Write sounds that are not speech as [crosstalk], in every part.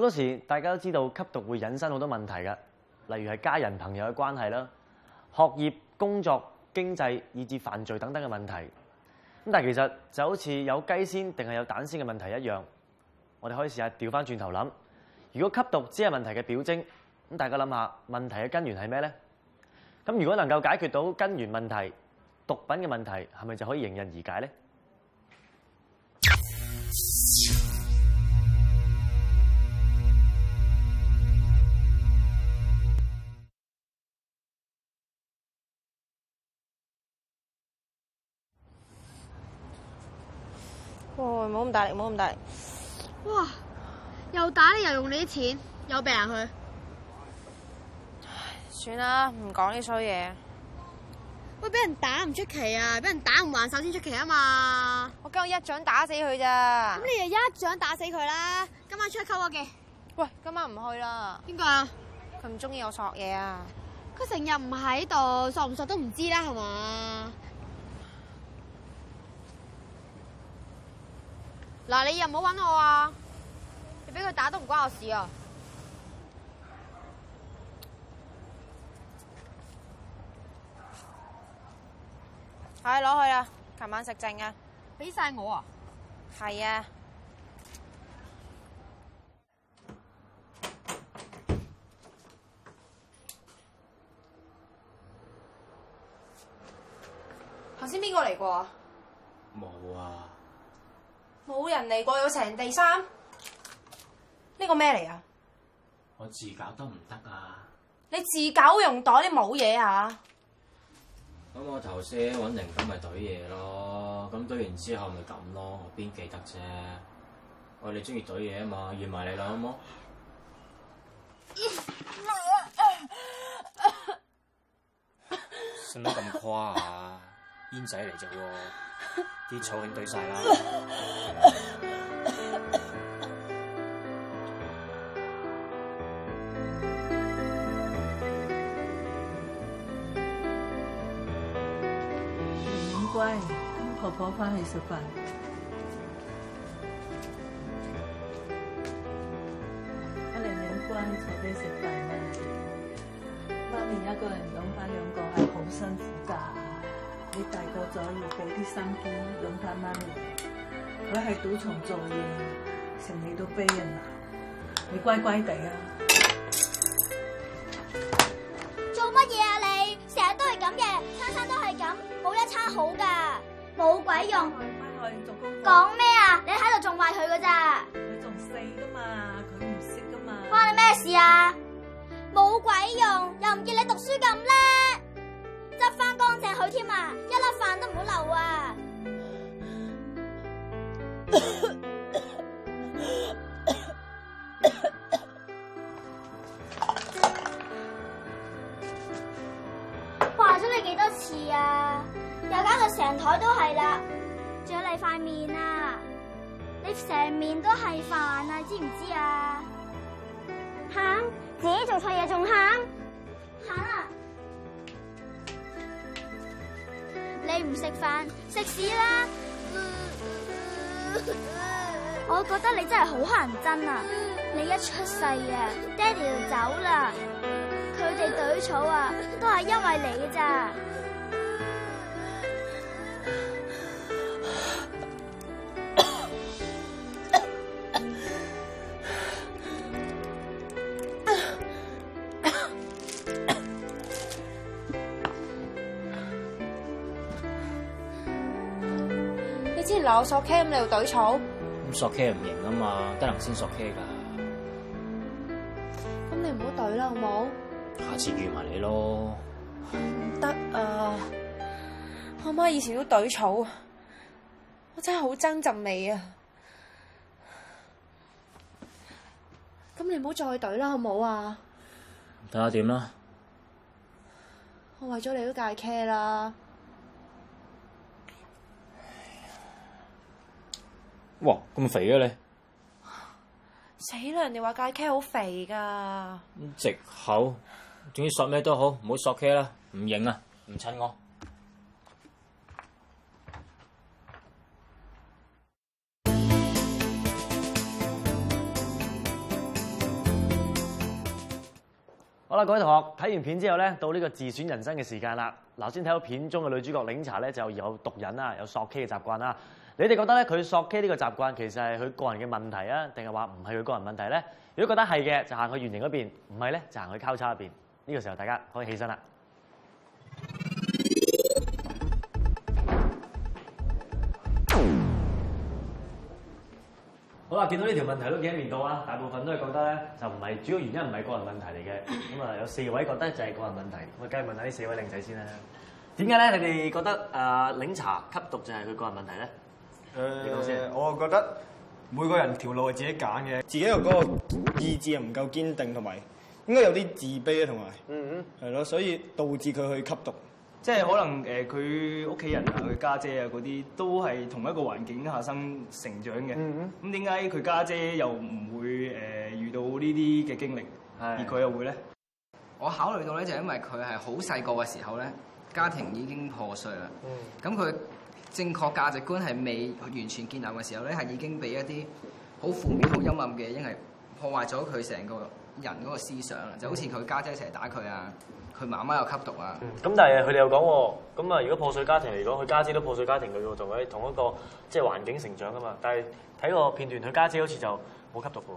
好多時大家都知道吸毒會引申好多問題㗎，例如係家人朋友嘅關係啦、學業、工作、經濟以至犯罪等等嘅問題。咁但係其實就好似有雞先定係有蛋先嘅問題一樣，我哋可以試下調返轉頭諗：如果吸毒只係問題嘅表徵，咁大家諗下問題嘅根源係咩呢？咁如果能夠解決到根源問題，毒品嘅問題係咪就可以迎刃而解呢？大力唔好咁大力！大力哇，又打你又用你啲錢，有病啊佢！算啦，唔講呢衰嘢。喂，俾人打唔出奇啊！俾人打唔還手先出奇啊嘛！我驚我一掌打死佢咋？咁你又一掌打死佢啦！今晚出去溝我嘅。喂，今晚唔去啦。邊個啊？佢唔中意我索嘢啊！佢成日唔喺度，索唔索都唔知啦，係嘛？嗱，你又唔好揾我啊！你俾佢打都唔關我事啊！係、哎、攞去啦，琴晚食剩啊！俾晒我啊！係啊！頭先邊個嚟過？冇啊！冇人嚟過，有成第三，呢個咩嚟啊？自啊我自搞得唔得啊？你自搞用袋，你冇嘢啊！咁我頭先揾靈感咪懟嘢咯，咁懟完之後咪咁咯，我邊記得啫？喂，你中意懟嘢啊嘛，約埋你啦，好冇？信得咁誇啊？煙仔嚟啫喎！ [noise] [noise] [noise] [noise] [noise] [noise] [noise] [noise] 啲草已經堆曬啦。明輝，婆婆翻去食飯。我就要俾啲生機養佢媽咪，佢喺賭場做嘢，成日都俾人鬧，你乖乖地啊！做乜嘢啊你？成日都係咁嘅，餐餐都係咁，冇一餐好噶，冇鬼用。翻去做工。講咩啊？你喺度仲壞佢噶咋？佢仲細噶嘛，佢唔識噶嘛，關你咩事啊？冇鬼用，又唔見你讀書咁叻。執翻乾淨好添啊，一粒飯都唔好漏啊！話咗 [laughs] 你幾多次啊？又搞到成台都係啦，仲有你塊面啊！你成面都係飯啊，知唔知啊？喊，自己做錯嘢仲喊，行啊！你唔食飯，食屎啦！我覺得你真係好乞人憎啊！你一出世啊，爹哋就走啦，佢哋隊草啊，都係因為你咋？我索 K 咁你又懟草？咁索 K 唔贏啊嘛，得能先索 K 噶。咁你唔好懟啦，好唔好？下次預埋你咯。唔得啊！我媽以前都懟草，我真係好憎陣味啊！咁你唔好再懟啦，好唔好啊？睇下點啦。我為咗你都戒 K 啦。哇，咁肥嘅啊你！死啦！人哋話戒 K 好肥㗎。直口，總之索咩都好，唔好索 K 啦，唔影啊，唔襯我。好啦，各位同學，睇完片之後咧，到呢個自選人生嘅時間啦。嗱，先睇到片中嘅女主角檸茶咧，就有毒癮啦，有索 K 嘅習慣啦。你哋覺得咧，佢索 K 呢個習慣其實係佢個人嘅問題啊，定係話唔係佢個人問題咧？如果覺得係嘅，就行去圓形嗰邊；唔係咧，就行去交叉入邊。呢、這個時候大家可以起身啦。好啦，見到呢條問題都幾多面到啊！大部分都係覺得咧，就唔係主要原因，唔係個人問題嚟嘅。咁啊，有四位覺得就係個人問題。我而家問下呢四位靚仔先啦。點解咧？你哋覺得誒、呃、領茶吸毒就係佢個人問題咧？誒、呃，我覺得每個人條路係自己揀嘅，自己個嗰個意志又唔夠堅定，同埋應該有啲自卑咧，同埋，嗯嗯，係咯，所以導致佢去吸毒。嗯嗯、即係可能誒，佢屋企人啊，佢家姐啊嗰啲都係同一個環境下生成長嘅，咁點解佢家姐又唔會誒、呃、遇到呢啲嘅經歷，係，而佢又會咧？我考慮到咧，就係因為佢係好細個嘅時候咧，家庭已經破碎啦，咁佢。正確價值觀係未完全建立嘅時候咧，係已經俾一啲好負面、好陰暗嘅嘢，係破壞咗佢成個人嗰個思想。就好似佢家姐成日打佢啊，佢媽媽又吸毒啊。咁、嗯、但係佢哋又講喎，咁啊如果破碎家庭嚟講，佢家姐都破碎家庭佢喎，同喺同一個即係、就是、環境成長㗎嘛。但係睇個片段，佢家姐，姐好似就冇吸毒㗎喎。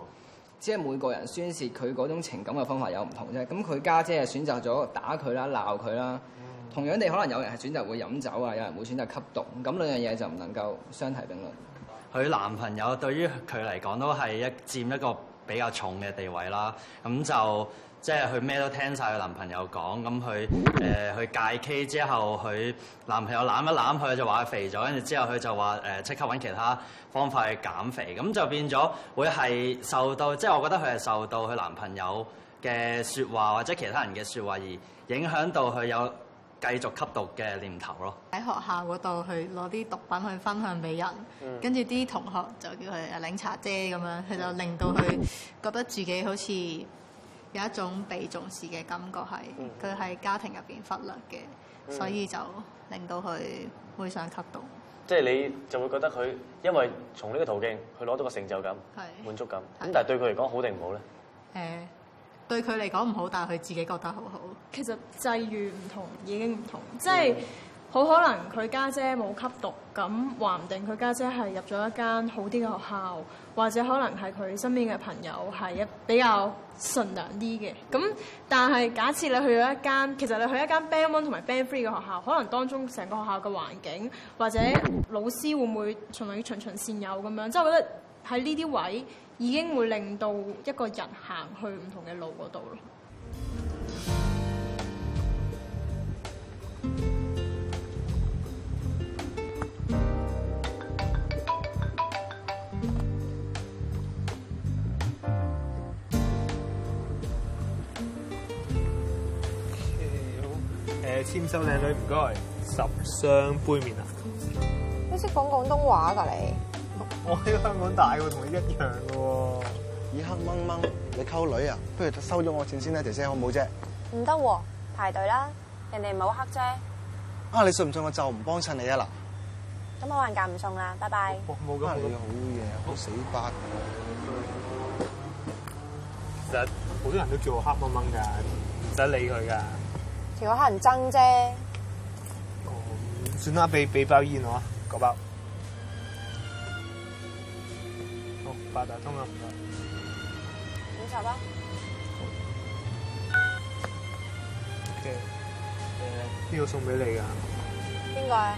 即係每個人宣泄佢嗰種情感嘅方法有唔同啫。咁佢家姐係選擇咗打佢啦、鬧佢啦。嗯同樣地，可能有人係選擇會飲酒啊，有人會選擇吸毒，咁兩樣嘢就唔能夠相提並論。佢男朋友對於佢嚟講都係一佔一個比較重嘅地位啦。咁就即係佢咩都聽晒佢男朋友講。咁佢誒佢戒 K 之後，佢男朋友攬一攬佢就話佢肥咗，跟住之後佢就話誒即刻搵其他方法去減肥。咁就變咗會係受到，即係我覺得佢係受到佢男朋友嘅説話或者其他人嘅説話而影響到佢有。繼續吸毒嘅念頭咯，喺學校嗰度去攞啲毒品去分享俾人，跟住啲同學就叫佢領茶姐咁樣，佢就令到佢覺得自己好似有一種被重視嘅感覺是，係佢喺家庭入邊忽略嘅，嗯、所以就令到佢會想吸毒。即係你就會覺得佢因為從呢個途徑佢攞到個成就感、滿是足感，咁是但係對佢嚟講好定唔好咧？誒、呃。對佢嚟講唔好，但係佢自己覺得好好。其實際遇唔同已經唔同，嗯、即係好可能佢家姐冇吸毒，咁話唔定佢家姐係入咗一間好啲嘅學校，或者可能係佢身邊嘅朋友係一比較善良啲嘅。咁但係假設你去咗一間，其實你去一間 band one 同埋 band three 嘅學校，可能當中成個學校嘅環境或者老師會唔會循序循循善誘咁樣，即係我覺得喺呢啲位。已經會令到一個人行去唔同嘅路嗰度咯。OK，好。誒，簽收靚女唔該，十箱杯麵啊！你識講廣東話㗎你？我喺香港大喎，同你一樣喎，啊，以黑掹掹，你溝女啊，不如收咗我錢先啦，姐姐好唔好啫？唔得，排隊啦，人哋唔好黑啫。啊，你信唔信我就唔幫襯你啊嗱？咁我晏嫁唔送啦，拜拜。冇啊，你好嘢，好了死，其實好多人都叫我黑掹掹噶，唔使理佢噶，條友黑人憎啫。算啦，俾俾包煙我，嗰包。八達通啊，你查吧。O K，誒，呢個送俾你噶。邊個啊？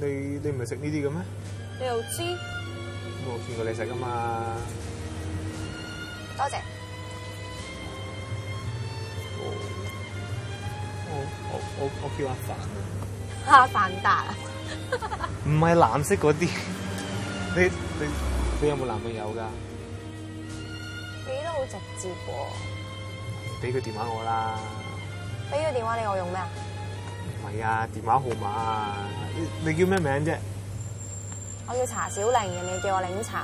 你你唔係食呢啲嘅咩？你又知？我見過你食噶嘛。多謝。哦，我我我我叫阿凡。阿凡達？唔係藍色嗰啲，你你。你有冇男朋友噶？你都好直接噃。俾個電話我啦。俾個電話你我用咩啊？唔係啊，電話號碼。你叫咩名啫？我叫查小玲嘅，你叫，我，叫，茶你叫我領查。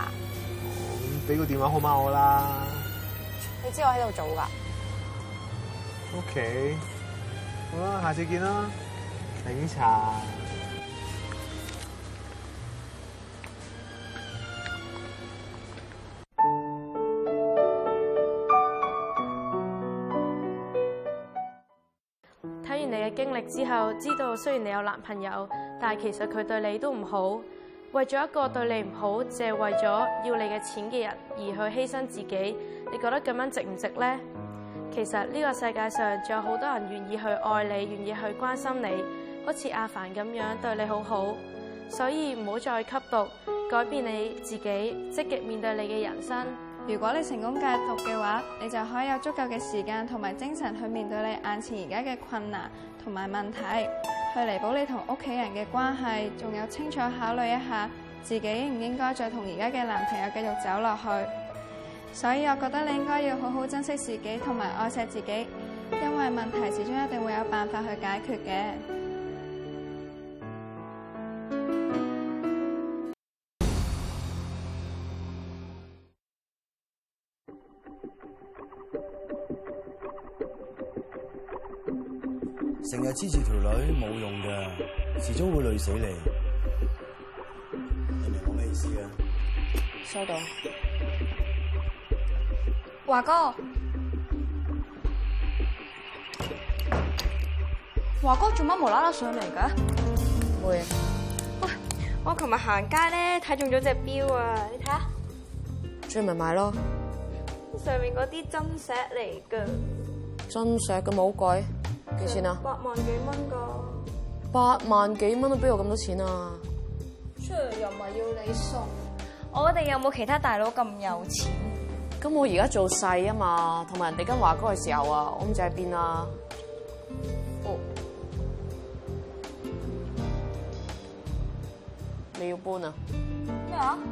哦，俾個電話號碼我啦。你知我喺度做噶。OK，好啦，下次見啦。領查。之後知道雖然你有男朋友，但係其實佢對你都唔好，為咗一個對你唔好，淨係為咗要你嘅錢嘅人而去犧牲自己，你覺得咁樣值唔值呢？其實呢個世界上仲有好多人願意去愛你，願意去關心你，好似阿凡咁樣對你好好，所以唔好再吸毒，改變你自己，積極面對你嘅人生。如果你成功戒毒嘅話，你就可以有足夠嘅時間同埋精神去面對你眼前而家嘅困難同埋問題，去彌補你同屋企人嘅關係，仲有清楚考慮一下自己唔應該再同而家嘅男朋友繼續走落去。所以，我覺得你應該要好好珍惜自己同埋愛錫自己，因為問題始終一定會有辦法去解決嘅。支持條女冇用㗎，遲早會累死你。你明我咩意思啊？收到。華哥，華哥做乜冇啦啦上嚟噶？會啊。我琴日行街咧，睇中咗隻錶啊！你睇下，最咪買咯。上面嗰啲真石嚟噶，真石嘅冇鬼。幾錢啊？八萬幾蚊噶，八萬幾蚊都俾我咁多錢啊！出嚟又唔係要你送，我哋有冇其他大佬咁有錢？咁、嗯、我而家做細啊嘛，同埋人哋跟華哥嘅時候啊，我唔知喺邊啊。哦，你要搬啊？咩啊麼？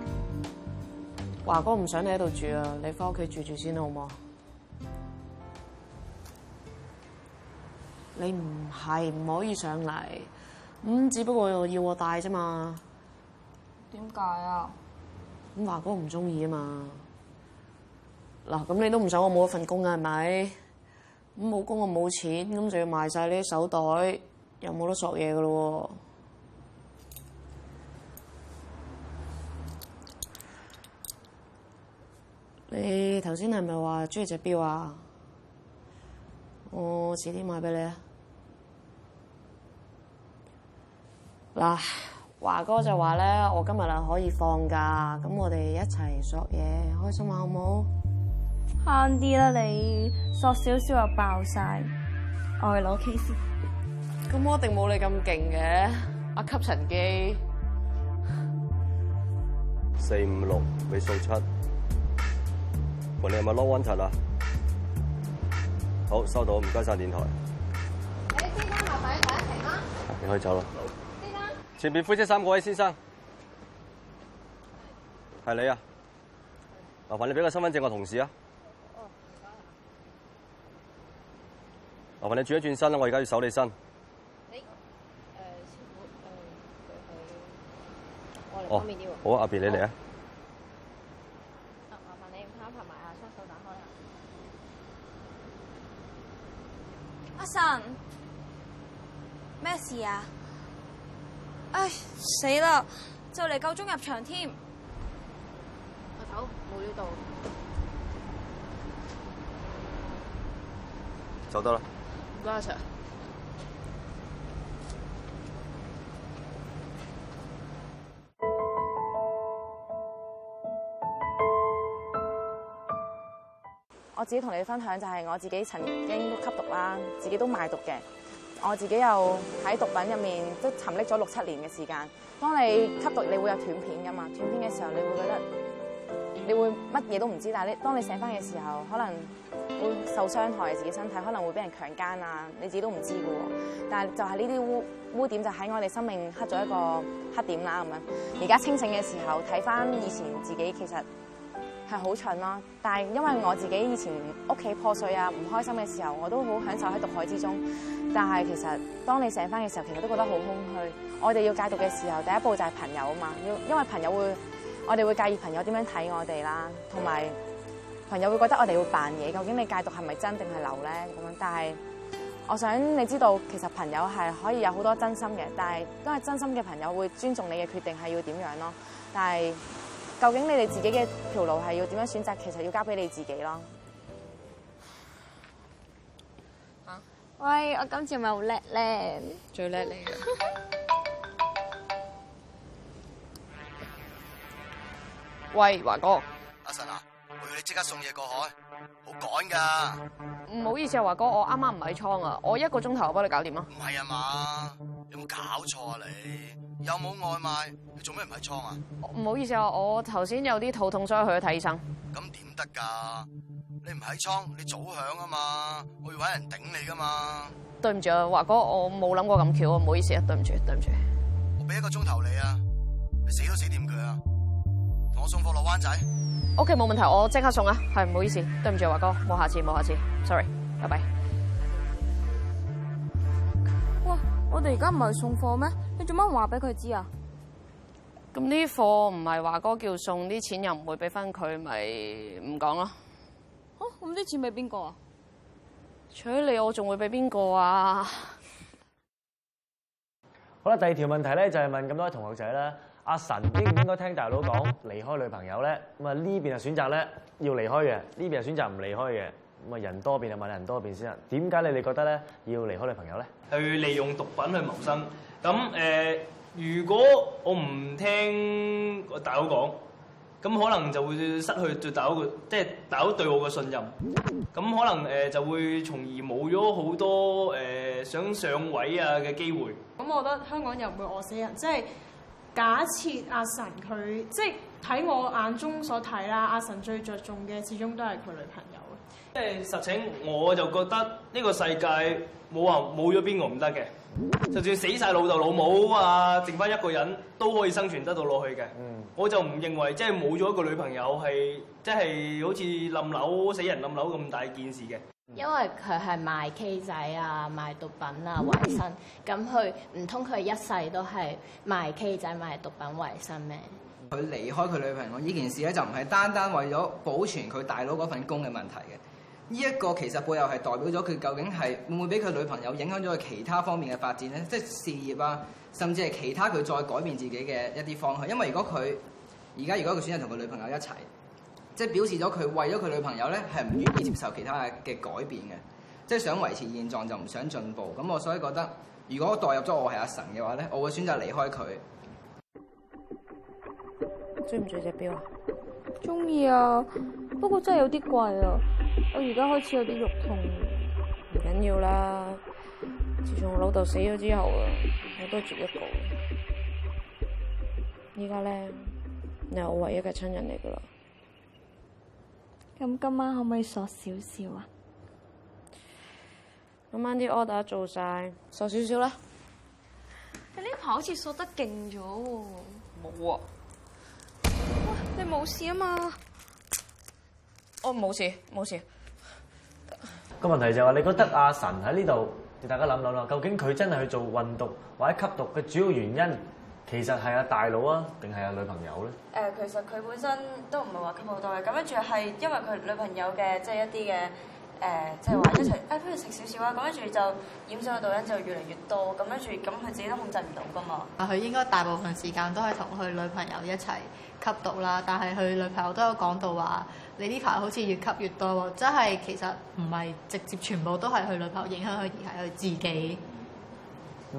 華哥唔想你喺度住啊，你翻屋企住住先好唔好？你唔係唔可以上嚟，咁只不過要我帶啫嘛？點解啊？咁華哥唔中意啊嘛？嗱，咁你都唔想我冇一份工噶係咪？咁冇工我冇錢，咁就要賣晒你啲手袋，又冇得索嘢噶咯？你頭先係咪話中意隻錶啊？我遲啲買俾你啊！嗱，華哥就話咧，我今日啊可以放假，咁我哋一齊索嘢，開心下好唔好？慳啲啦，你索少少就爆晒，我去攞 case 先。咁我一定冇你咁勁嘅，阿、啊、吸塵機，四五六尾數七，喂，你係咪 low one 啊？好，收到，唔該晒電台。你先聽下第一台一停啦，你可以走啦。前面灰色衫嗰位先生，係你啊？麻煩你俾個身份證我同事啊。麻煩你轉一轉身啦、啊，我而家要搜你身、啊我啊。哦，好，阿 B 你嚟啊，啊。麻煩你拍拍埋啊，雙手打開、啊、阿 Sam 咩事啊？死啦！就嚟夠鐘入場添。個頭冇呢度。找到啦。唔該曬。我自己同你分享就係我自己曾經吸毒啦，自己都賣毒嘅。我自己又喺毒品入面都沉溺咗六七年嘅時間。當你吸毒，你會有斷片噶嘛？斷片嘅時候，你會覺得你會乜嘢都唔知。但係你當你醒翻嘅時候，可能會受傷害自己身體，可能會俾人強姦啊，你自己都唔知噶喎。但係就係呢啲污污點，就喺我哋生命黑咗一個黑點啦。咁樣而家清醒嘅時候，睇翻以前自己其實。係好蠢咯，但係因為我自己以前屋企破碎啊，唔開心嘅時候，我都好享受喺毒海之中。但係其實當你醒返嘅時候，其實都覺得好空虛。我哋要戒毒嘅時候，第一步就係朋友啊嘛，要因為朋友會，我哋會介意朋友點樣睇我哋啦，同埋朋友會覺得我哋會扮嘢。究竟你戒毒係咪真定係流咧？咁樣，但係我想你知道，其實朋友係可以有好多真心嘅，但係都係真心嘅朋友會尊重你嘅決定係要點樣咯。但係。究竟你哋自己嘅條路係要點樣選擇？其實要交俾你自己咯。喂，我今次係咪好叻咧？最叻你啊！ [laughs] 喂，華哥，阿神啊，我要你即刻送嘢過海，好趕噶。唔好意思啊，華哥，我啱啱唔喺倉啊，我一個鐘頭我幫你搞掂啊。唔係啊嘛，有冇搞錯啊你？有冇外賣？你做咩唔喺倉啊？唔好意思啊，我頭先有啲肚痛，所以去睇醫生。咁點得噶？你唔喺倉，你早響啊嘛？我要揾人頂你噶嘛？對唔住啊，華哥，我冇諗過咁巧，啊。唔好意思啊，對唔住，對唔住。我俾一個鐘頭你啊，你死都死掂佢啊！我送貨落灣仔。O K，冇問題，我即刻送啊。係，唔好意思，對唔住啊，華哥，冇下次，冇下次，Sorry，拜拜。我哋而家唔係送貨咩？你做乜唔話俾佢知啊？咁呢貨唔係華哥叫送，啲錢又唔會俾翻佢，咪唔講咯。哦，咁啲錢俾邊個啊？除咗你，我仲會俾邊個啊？好啦，第二條問題咧就係問咁多位同學仔啦。阿神，應唔應該聽大佬講離開女朋友咧？咁啊呢邊啊選擇咧要離開嘅，呢邊啊選擇唔離開嘅。咁啊，人多變就嘛，人多變先啦。點解你哋覺得咧要離開女朋友咧？去利用毒品去謀生。咁誒、呃，如果我唔聽大佬講，咁可能就會失去對大佬，即係大佬對我嘅信任。咁可能誒、呃、就會從而冇咗好多誒、呃、想上位啊嘅機會。咁我覺得香港又唔會餓死人，即係假設阿神佢即係睇我眼中所睇啦。阿神最着重嘅始終都係佢女朋友。即係實情，我就覺得呢個世界冇話冇咗邊個唔得嘅，就算死晒老豆老母啊，剩翻一個人都可以生存得到落去嘅。嗯、我就唔認為即係冇咗一個女朋友係即係好似冧樓死人冧樓咁大件事嘅。因為佢係賣 K 仔啊，賣毒品啊，維生。噉佢唔通佢一世都係賣 K 仔，賣毒品維生咩？佢離開佢女朋友呢件事咧，就唔係單單為咗保存佢大佬嗰份工嘅問題嘅。呢一個其實佢又係代表咗佢究竟係會唔會俾佢女朋友影響咗佢其他方面嘅發展呢？即係事業啊，甚至係其他佢再改變自己嘅一啲方向。因為如果佢而家如果佢選擇同佢女朋友一齊，即係表示咗佢為咗佢女朋友呢係唔願意接受其他嘅改變嘅，即係想維持現狀就唔想進步。咁我所以覺得，如果代入咗我係阿神嘅話呢，我會選擇離開佢。中唔中意隻表啊？中意啊，不過真係有啲貴啊！我而家開始有啲肉痛，唔緊要啦。自從我老豆死咗之後啊，我都住一個了。依家咧，你係我唯一嘅親人嚟噶啦。咁今晚可唔可以索少少啊？今晚啲 order 做晒，索少少啦。你呢排好似索得勁咗。冇啊。你冇事啊嘛？我冇事冇事。個問題就係話，你覺得阿神喺呢度，你大家諗諗啦，究竟佢真係去做運毒或者吸毒嘅主要原因，其實係阿大佬啊，定係阿女朋友咧？誒，其實佢本身都唔係話吸好多嘅，咁跟住係因為佢女朋友嘅，即係一啲嘅。誒，即係話一齊、哎、不如食少少啊！咁跟住就染上嘅導因就越嚟越多，咁跟住咁佢自己都控制唔到噶嘛。佢應該大部分時間都係同佢女朋友一齊吸毒啦，但係佢女朋友都有講到話，你呢排好似越吸越多喎，即係其實唔係直接全部都係佢女朋友影響佢，而係佢自己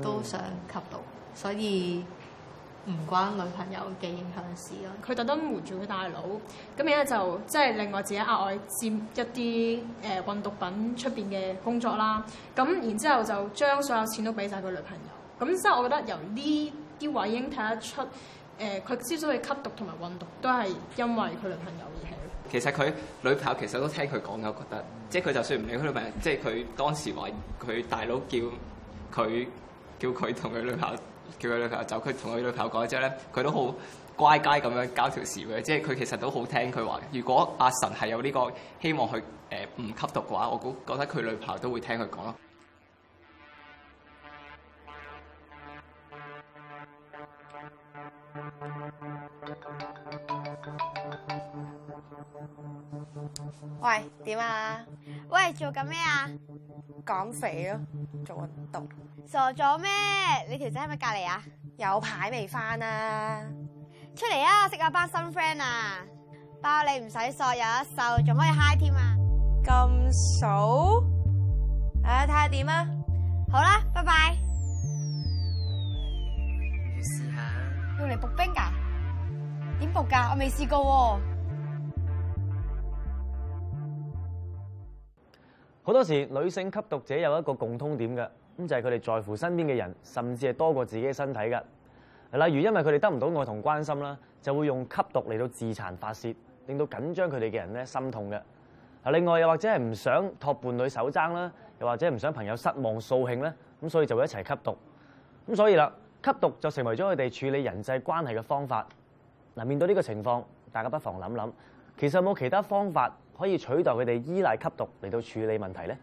都想吸毒，嗯、所以。唔關女朋友嘅影響事咯，佢特登瞞住佢大佬，咁而家就即係、就是、另外自己額外佔一啲誒、呃、運毒品出邊嘅工作啦，咁然之後就將所有錢都俾晒佢女朋友，咁即係我覺得由呢啲位已經睇得出，誒佢之所以吸毒同埋運毒都係因為佢女朋友而起。其實佢女朋友其實都聽佢講嘅，我覺得即係佢就算唔理佢女朋友，即係佢當時話佢大佬叫佢。叫佢同佢女朋友，叫佢女朋友走。佢同佢女朋友講之後咧，佢都好乖乖咁樣搞條事嘅，即係佢其實都好聽佢話。如果阿神係有呢個希望佢誒唔吸毒嘅話，我估覺得佢女朋友都會聽佢講咯。喂，點啊？喂，做緊咩啊？減肥咯，做運動。傻咗咩？你條仔係咪隔籬啊？有排未返啊？出嚟啊！識阿班新 friend 啊！包你唔使傻有一瘦，仲可以嗨添啊！咁數，唉、啊，睇下點啊！好啦，拜拜。試下用嚟撲冰噶？點撲噶？我未試過、啊。好多時女性吸毒者有一個共通點嘅。咁就係佢哋在乎身邊嘅人，甚至係多過自己嘅身體噶。例如，因為佢哋得唔到愛同關心啦，就會用吸毒嚟到自殘發泄，令到緊張佢哋嘅人咧心痛嘅。另外，又或者係唔想托伴侶手踭啦，又或者唔想朋友失望掃興咧，咁所以就會一齊吸毒。咁所以啦，吸毒就成為咗佢哋處理人際關係嘅方法。嗱，面對呢個情況，大家不妨諗諗，其實有冇其他方法可以取代佢哋依賴吸毒嚟到處理問題呢？